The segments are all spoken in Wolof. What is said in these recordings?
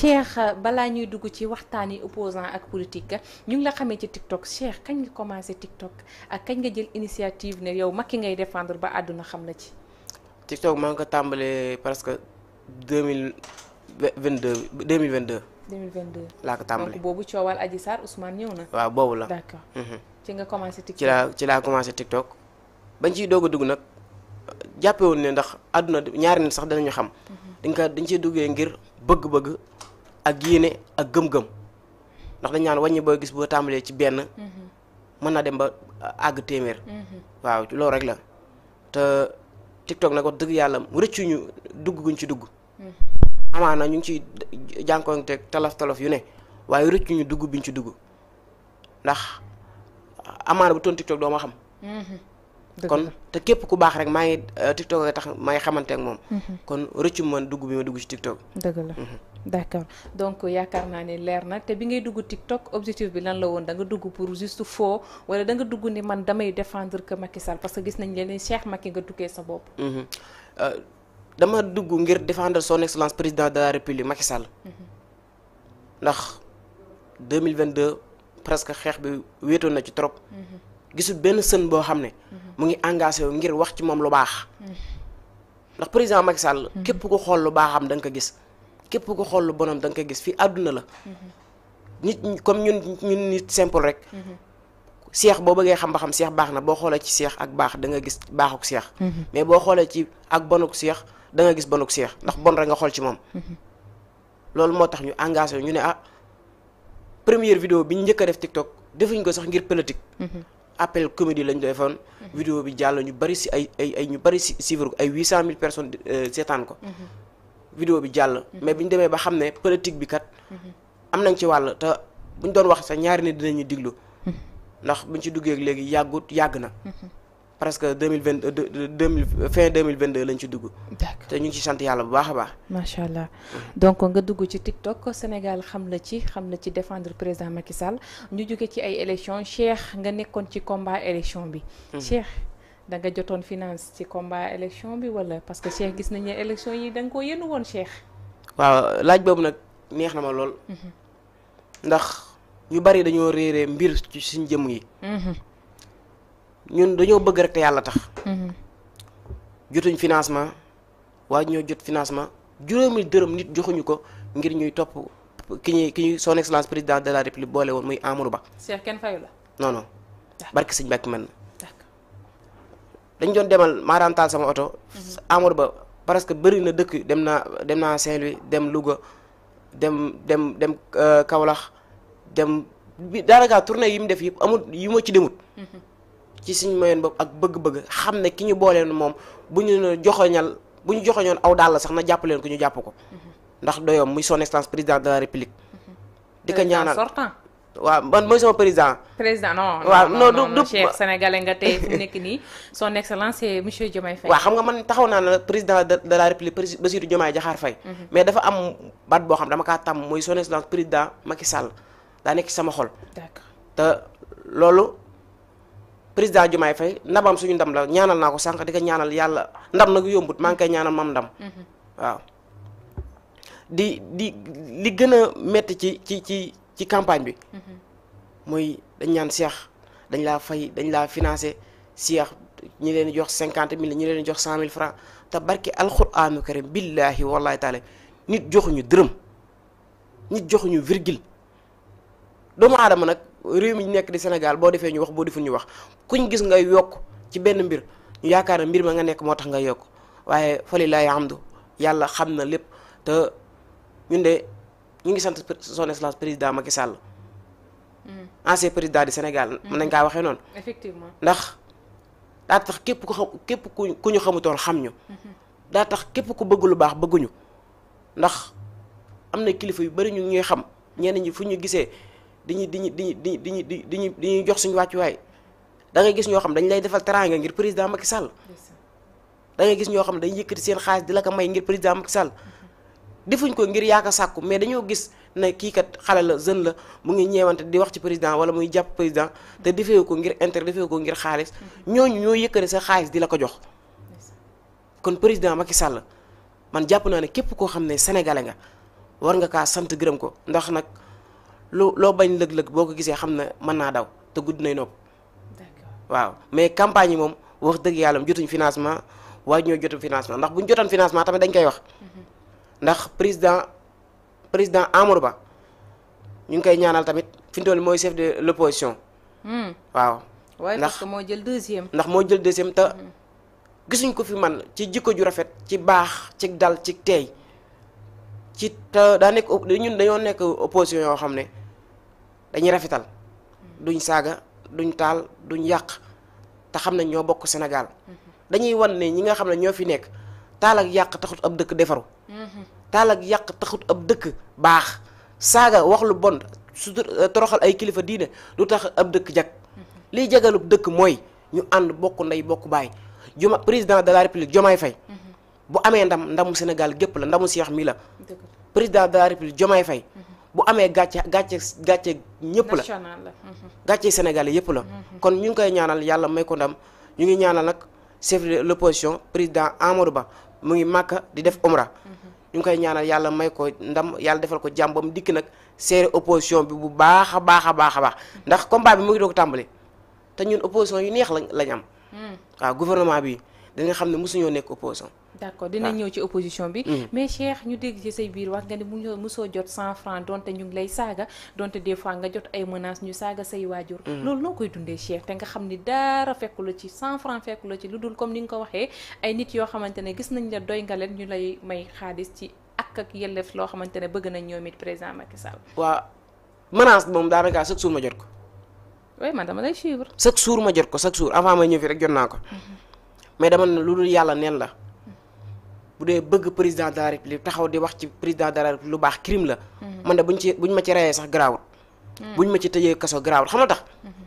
Cheikh euh, balaa ñuy dugg ci waxtaan yi opposant ak politique ñu ngi la xamee ci TikTok Cheikh kañ nga commencé TikTok ak kañ nga jël initiative ne yow Macky ngay défendre ba àdduna xam la ci. TikTok maa ngi ko tàmbalee presque deux mille vingt deux mille vingt deux. deux mille vingt deux laa ko tàmbalee boobu coowal Adji Sarr Ousmane ñëw na. waaw boobu la d'accord. Mhm. ci nga commencé TikTok ci laa ci laa commencé TikTok bañ ci doog a dugg nag jàppee woon ne ndax àdduna ñaari nit sax danañu xam. Mhm. dañ dañ ciy duggee ak yéene ak gëm-gëm ndax dañ naan wàññi boo gis boo tàmbalee ci benn mhm. mën na dem ba àgg téeméer mhm. waaw loolu rek la te TikTok nag wax dëgg yàlla mu rëccuñu dugg guñ ci dugg mhm. amaana ñu ngi ciy jànkoonte talof talof yu ne waaye rëccuñu dugg biñ ci dugg ndax amaana bu toon TikTok doo ma xam kon te képp ku baax rek maa ngi euh, TikTok a tax maa ngi xamante moom. Mhm. kon rëccu man dugg bi ma dugg ci TikTok. dëgg la mhm. d'accord donc yaakaar naa ne leer na te bi ngay dugg TikTok objectif bi lan la woon da nga dugg pour juste faux wala da nga dugg ni man damay défendre que Macky sal parce que gis nañ leen Cheikh Macky nga tukkee sa bopp. Mhm. Euh, dama dugg ngir défendre son excellence président de la république Macky Sall. ndax 2022 presque xeex bi wéetoon na ci trop. gisul benn sën boo xam ne. mu ngi engagé wu ngir wax ci moom lu baax. ndax président Macky Sall. képp ko xool lu baaxam da nga ko gis. képp ko xool lu bonam da nga ko gis fii àdduna la. nit ñi comme ñu ñun nit simple rek. seex boo bëggee xam ba xam seex baax na boo xoolee ci seex ak baax da nga gis baaxuk seex. mais boo xoolee ci ak bonuk seex da gis bonuk seex ndax bon rek nga xool ci moom. loolu moo tax ñu engage wu ñu ne ah première video bi ñu njëkk a def TikTok defuñ ko sax ngir politique. appel comédie lañ defoon. Mhm. vidéo bi jàll ñu bari si ay ay ay ñu bari si suivre ay 800000 personnes euh, seetaan ko. Mhm. vidéo bi jàll. Mhm. mais bi ñu demee ba xam ne politique bi kat. am nañ ci wàll te buñ doon wax sax ñaari nit dinañu diglu. ndax buñ ci duggee léegi yàggut yàgg na. presque deux mille vingt deux mille fin deux mille vingt deux lañ ci dugg. te ñu ci sant yàlla bu baax a baax. macha mm-hmm. donc nga dugg ci TikTok Sénégal xam la ci xam la ci defendre président Macky Sall ñu jóge ci ay élections Cheikh nga nekkoon ci combat élection bi. Mm-hmm. Cheikh da nga jotoon finance ci combat élection bi wala parce que Cheikh gis nañu ne yi da ko koo yénu woon Cheikh. waaw laaj boobu nag neex na ma lool. Mm-hmm. ndax ñu bari dañoo réeree mbir ci suñ jëmm yi. ñun dañoo bëgg rek te yàlla tax. Mhm. jotuñ financement waaye ñoo jot financement juróomi dërëm nit joxuñu ko ngir ñuy topp ki ñuy ki son excellence président de la république boole woon muy Amadou Ba. Cheikh kenn fayu la. non non. dañ doon demal maa sama oto. Mhm. Amadou Ba parce que bëri na dëkk dem naa dem naa dem Louga dem dem dem euh, Kaolack dem bi daanaka tournée yi mu def yëpp amul ma ci demut. Mhm. ci suñu mayoon bopp ak bëgg-bëgg xam ne ki ñu booleen moom bu ñu joxoñal bu ñu joxoñoon aw daal sax na jàpp leen ko ñu jàpp ko mm-hmm. ndax doyoom muy son excellence président de la république mm-hmm. di ko ñaanal waaw man mooy sama président. président non waaw non non non chef sénégalais nga tey fu nekk nii son excellence c'est monsieur Diomaye Faye. waaw xam nga man taxaw naa ne président de de la mm-hmm. mais dafa am baat boo xam dama kaa tàmm muy son excellence président Macky Sall daa nekk sama xol. te loolu. président Diomaye Faye ndamam suñu ndam la ñaanal naa ko sànq di ko ñaanal yàlla ndam nag yombut maa ngi koy ñaanal mam ndam mhm. waaw di di li gën a métti ci ci ci ci campagne bi mhm. mooy dañ ñaan seex dañ laa fay dañ laa financé seex ñi leen jox cinquante mille ñi leen jox cent mille francs te barki alxuraanu karim billaahi wallaahi taala nit joxuñu dërëm nit joxuñu virgule doomu aadama nag réew mi ñu nekk di Sénégal boo defee ñu wax boo deful ñu wax kuñ gis nga yokk ci benn mbir ñu yaakaar ne mbir ma nga nekk moo tax nga yokk waaye fa lillaahi hamdu yàlla xam na lépp te ñun de ñu ngi sant son excellence président sàll Sall. Mm. ancien président du Sénégal. Mm. mën nañ kaa waxee noonu. effectivement ndax daa tax képp ku ku ñu xamutoon xam ñu. Mm-hmm. daa tax képp ku bëgg lu baax bëgguñu ndax am na kilifa yu bari ñu ñuy xam ñenn ñi fu ñu gisee. di diñu diñu diñu di ñu di di diñu diñuy jox suñu wàccuwaay da ngay gis ñoo xam ne dañ lay defal teraanga ngir président Macky Sall da ngay gis ñoo xam dañuy yëkkati seen xaalis di la ko may ngir président Macky Sall defuñ ko ngir yaaka sàkku mais dañoo gis ne kii kat xale la jeune la mu ngi ñeewante di wax ci président wala muy jàpp président te defee ko ngir intérêt ko ngir xaalis ñooñu ñoo yëkkati sa xaalis di la ko jox kon président Macky Sall man jàpp naa ne képp koo xam ne sénégalais nga war nga kaa sant gërëm ko ndax nag loo loo bañ lëg-lëg boo ko gisee xam ne mën naa daw te gudd nay nopp waaw mais campagne yi moom wax dëgg yàlla mu jotuñ financement waaye ñoo jotu financement ndax bu ñu jotoon financement tamit dañ koy wax mm-hmm. ndax président président Amadou Ba ñu ngi koy ñaanal tamit fi mu toll mooy chef de l'opposition. Hmm. waaw ndax moo jël deuxième. ndax moo jël deuxième te mm-hmm. gisuñ ko fi man ci jikko ju rafet ci baax ci dal ci teey ci te daa nekk ñun dañoo nekk opposition yoo xam ne. dañuy rafetal duñ saaga duñ taal duñ yàq te xam ne ñoo bokk Sénégal dañuy wan ne ñi nga xam ne ñoo fi nekk taal yàq taxut ab dëkk defaru taal yàq taxut ab dëkk baax saaga wax lu bon su euh, toroxal ay kilifa diine du tax ab dëkk jag liy jagalub dëkk mooy ñu ànd bokk ndey bokk baay juma président de la république Diomaye Faye mhm. bu amee ndam ndamu Sénégal gépp la ndamu seex mi la président de la république Diomaye bu amee gàcce gàcce gàcce ñëpp la mhm. gàcce sénégalais yëpp la mhm. kon ñu ngi koy ñaanal yàlla may ko ndam ñu ngi ñaanal nag chef de l'opposition président Amadou Ba mu ngi màkka di def omra mhm. ñu ngi koy ñaanal yàlla may ko ndam yàlla defal ko jàmb ba mu dikk nag seere opposition bi bu baax a baax a baax a baax ndax combat bi mu ngi doog tàmbali te ñun opposition yu neex lañ lañ am waaw gouvernement bi dañu nga xam ne mosuñoo nekk opposition d'accord ah. dina ñëw ci opposition bi. Mm. mais Cheikh ñu dégg ci say biir wax nga ne mu ñëw mosoo jot cent francs donte ñu lay saaga donte des fois nga jot ay menaces ñu saaga say waajur. Mm. loolu noo koy dundee Cheikh te nga xam ni dara fekku la ci cent francs fekku la ci lu dul comme ni nga ko waxee ay nit yoo xamante ne gis nañ la doy nga leen ñu lay may xaalis ci ak ak yelleef loo xamante ne bëgg nañ ñoom it président Macky Sall. waaw menace moom daanaka chaque jour ma jot ko. oui man dama lay ma jot ko chaque jour avant ma ñëw fi rek jot naa ko. Mm-hmm. mais bu dee bëgg président de la taxaw di wax ci président de la lu baax crime la. Mm-hmm. man de bu ci buñ ma ci reyee sax bu mm-hmm. buñ ma ci tëjee kaso garaawut xam nga tax. Mm-hmm.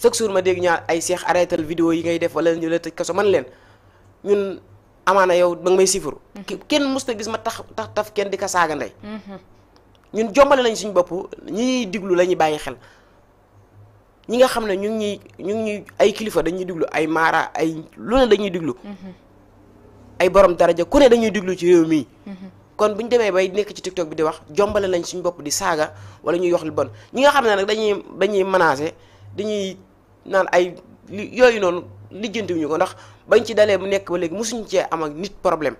chaque jour ma dégg ñaar ay seex arrêtal vidéo yi ngay def wala ñu la tëj kaso man leen ñun amaana yow ba nga may sifur. kenn mës na gis ma di ko saaga ndey. ñun jombale nañ suñu bopp ñi diglu la ñuy bàyyi xel. ñi nga xam ne ñu ngi ñuy ñu ngi ñuy ay kilifa dañuy diglu ay maara ay lu ne dañuy diglu. ay borom daraja ku ne dañuy diglu ci réew mii mhm. kon bu ñu demee bay nekk ci tiktok bi di wax jombale lañ suñu bopp di saaga wala ñuy wax lu bon ñi nga xam ne nag dañuy dañuy menacé dañuy naan ay yooyu noonu lijjantiwuñu ko ndax bañ ci dalee mu nekk ba léegi mosuñ cee am ak nit problème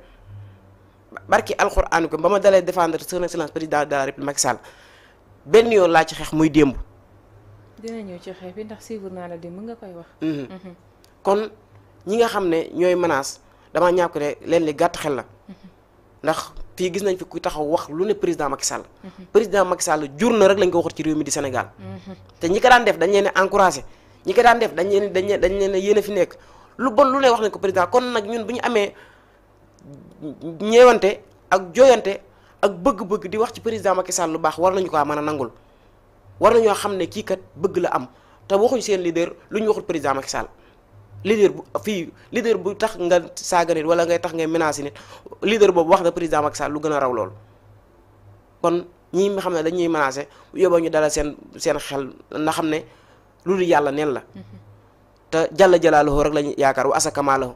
barki alxuraan ko ba ma dalee défendre son excellence président de la république Macky Sall benn yoon laa ci xeex muy démb. dina ci xeex bi ndax suivre naa la nga koy wax. Mhm. Mhm. kon ñi nga xam ne ñooy menace. damaa ñàkk ne leen li gàtt xel la ndax fii gis nañ fi ku taxaw wax lu ne président Macky Sall président Macky Sall jur na rek lañ ko waxat ci réew mi di Sénégal te ñi ko daan def dañ leen encouragé ñi ko daan def dañ leen dañ dañ leen yéen a fi nekk lu bon lu ne wax nañ ko président kon nag ñun bu ñu amee ñeewante ak jooyante ak bëgg-bëgg di wax ci président Macky Sall lu baax war nañu kaa mën a nangul war nañoo xam ne kii kat bëgg la am te waxuñ seen leader lu ñu waxul président Macky Sall leader bu fii leader bu tax nga saaga nit wala ngay tax ngay menacer nit leader boobu wax na président Macky Sall lu gën a raw loolu kon ñi nga xam ne dañuy menacer bu ñu dalal seen seen xel na xam ne lu dul yàlla la mm-hmm. te jàlla jalaaluhu rek lañu yaakaar wa asakamalahu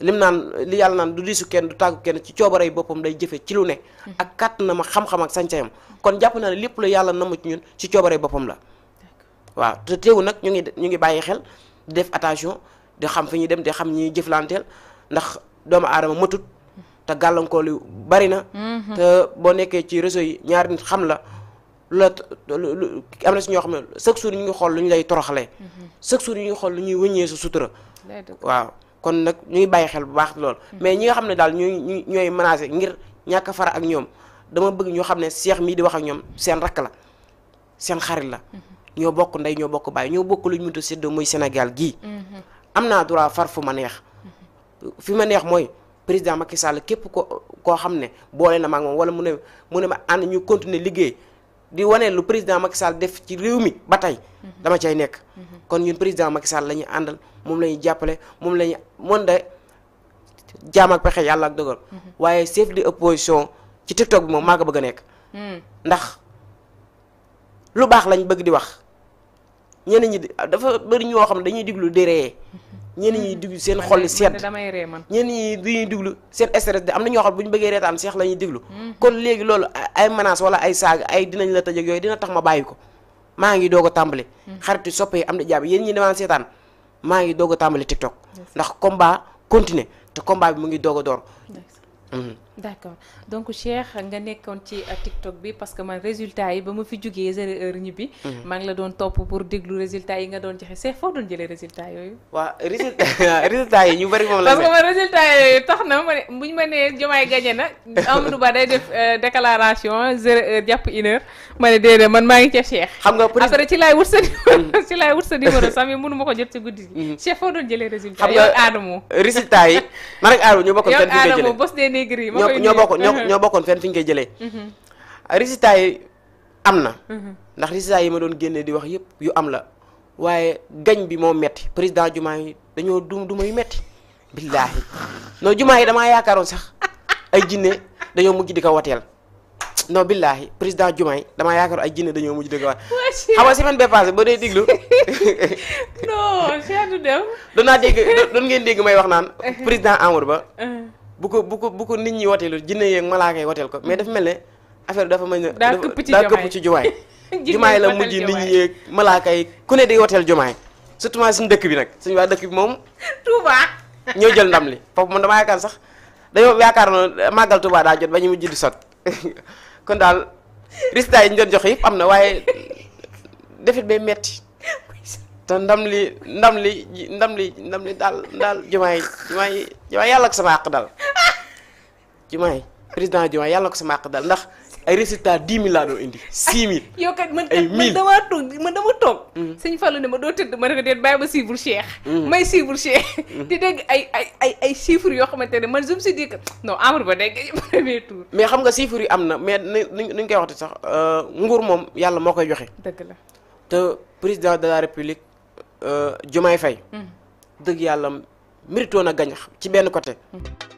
lim naan li yàlla du diisu du tàggu kenn ci coobarey boppam day jëfe ci lu ne mm-hmm. ak kàttanam ak xam-xam ak sañ-sañam kon jàpp naa ne lépp la ci ñun ci la waaw te teewu nag ñu ngi ñu ngi bàyyi xel def attention di xam fi ñu dem di xam ñi jëflanteel ndax doomu aadama matut te gàllankoor yu bari na. Mhm. te boo nekkee ci réseau yi ñaari nit xam la lu la am na si ñoo xam ne chaque jour ñu ngi xool lu ñu lay toroxalee. Mhm. chaque jour xool lu ñuy wëññee su sutura. waaw kon nag ñu bàyyi xel bu baax lool. Mhm. mais ñi nga xam ne daal ñu ñu ñooy menacé ngir ñàkk fara ak ñoom dama bëgg ñoo xam ne seex mii di wax ak ñoom seen rakk la seen xarit la. ñoo bokk ndey ñoo bokk bàyyi ñoo bokk lu ñu mënta séddoo muy Sénégal gii. am naa droit far fu ma neex fi ma neex mooy président Macky Sall képp ko koo xam ne boole na ma ak moom wala mu ne mu ne ma ànd ñu continuer liggéey di wane lu président Macky Sall def ci réew mi ba tey mhm. dama cay nekk mhm. kon ñun président Macky Sall la ñuy àndal moom la ñuy jàppale moom la ñu mën de jaam ak pexe yàlla ak dogal mhm. waaye chef opposition ci TikTok bi moom maa ko bëgg a nekk hmm. ndax lu baax lañ bëgg di wax ñeneen ñi dafa bëri ñoo xam ne dañuy diglu di ree ñeneen ñi diglu seen xol sedd damay ree man ñeneen ñi dañuy diglu seen stress de am na ñoo xam bu ñu bëggee reetaan seex la ñuy diglu mm-hmm. kon léegi loolu ay menaces wala ay saaga ay dinañ la tëj yooyu dina tax ma bàyyi ko maa ngi doog a tàmbali mm-hmm. xarit yi soppe yi am na jàmm yéen ñi demaan seetaan maa ngi doog a tàmbali TikTok ndax combat continuer te combat bi mu ngi doog a door mm-hmm. d' accord donc Cheikh nga nekkoon ci euh, TikTok bi parce que man résultat yi ba ma fi jugee zéro heure ñibbi. Mhm. maa ngi la doon topp pour déglu résultat yi nga doon joxe Cheikh foo doon jëlee résultat yooyu. yi ñu bari moom la. parce que man résultat yooyu ma bu ñu ma nee na Amadou Ba day def euh, déclaration zéro heure jàpp une ma maa ngi ca Cheikh. xam nga après ci laay wut sa mhm. sa numéro ma ko jot ci guddi gi. Mhm. résultat yi man ak Adamo ñu bokkoon seen. yow Adamo bos ñoo ñoo bokkoon ñoo bokkoon fenn fi ñu koy jëlee. résultats am na. ndax résultats yi ma doon génne di wax yëpp yu am la waaye gañ bi moo metti président jumaa yi dañoo du duma yu metti billaahi non jumaa yi damaa yaakaaroon sax ay jinne dañoo mujj di ko wateel non billaahi président Jumaay damaa yaakaar ay jinne dañoo mujj di ko wat xam nga semaine bee passé ba dee diglu non seetu dem doon ngeen dégg may wax naan président Amadou Ba bu ko bu ko bu ko nit ñi wateelu jinne yeeg malaaka yi wateel ko mais dafa mel ne affaire dafa mel ne daa këpp ci jumaay jumaay la mujj nit ñi yeeg malaaka kay ku ne day wateel jumaay surtout ment suñu dëkk bi nag suñ waa dëkk bi moom Touba ñoo jël ndam li foofu moom dama yaakaar sax dañoo yaakaar na màggal Touba daa jot ba ñu mujj di sot kon daal résultat yi ñu doon jox am na waaye defit bay metti te ndam li ndam li ndam li ndam li daal daal jumaay jumaay jumaay yàlla ko sama àq daal jumaay président jumaay yàlla ko sama àq daal ndax ay résultat dix mille laa doon indi six mille yow kat man kat man damaa toog man dama toog mm. sëñ ne ma doo tëdd ma ne ko déet ba ma suivre Cheikh mm. may suivre Cheikh mm. di dégg ay ay ay ay yoo xamante ne man je me suis dit que non Amadou Ba day gagné premier tour mais xam nga chiffres yi am na mais nu ñu koy waxte sax euh, nguur moom yàlla moo koy joxe dëgg la te président de la république Diomaye Faye mm. dëgg yàlla mérito na gañ ci benn côté mm.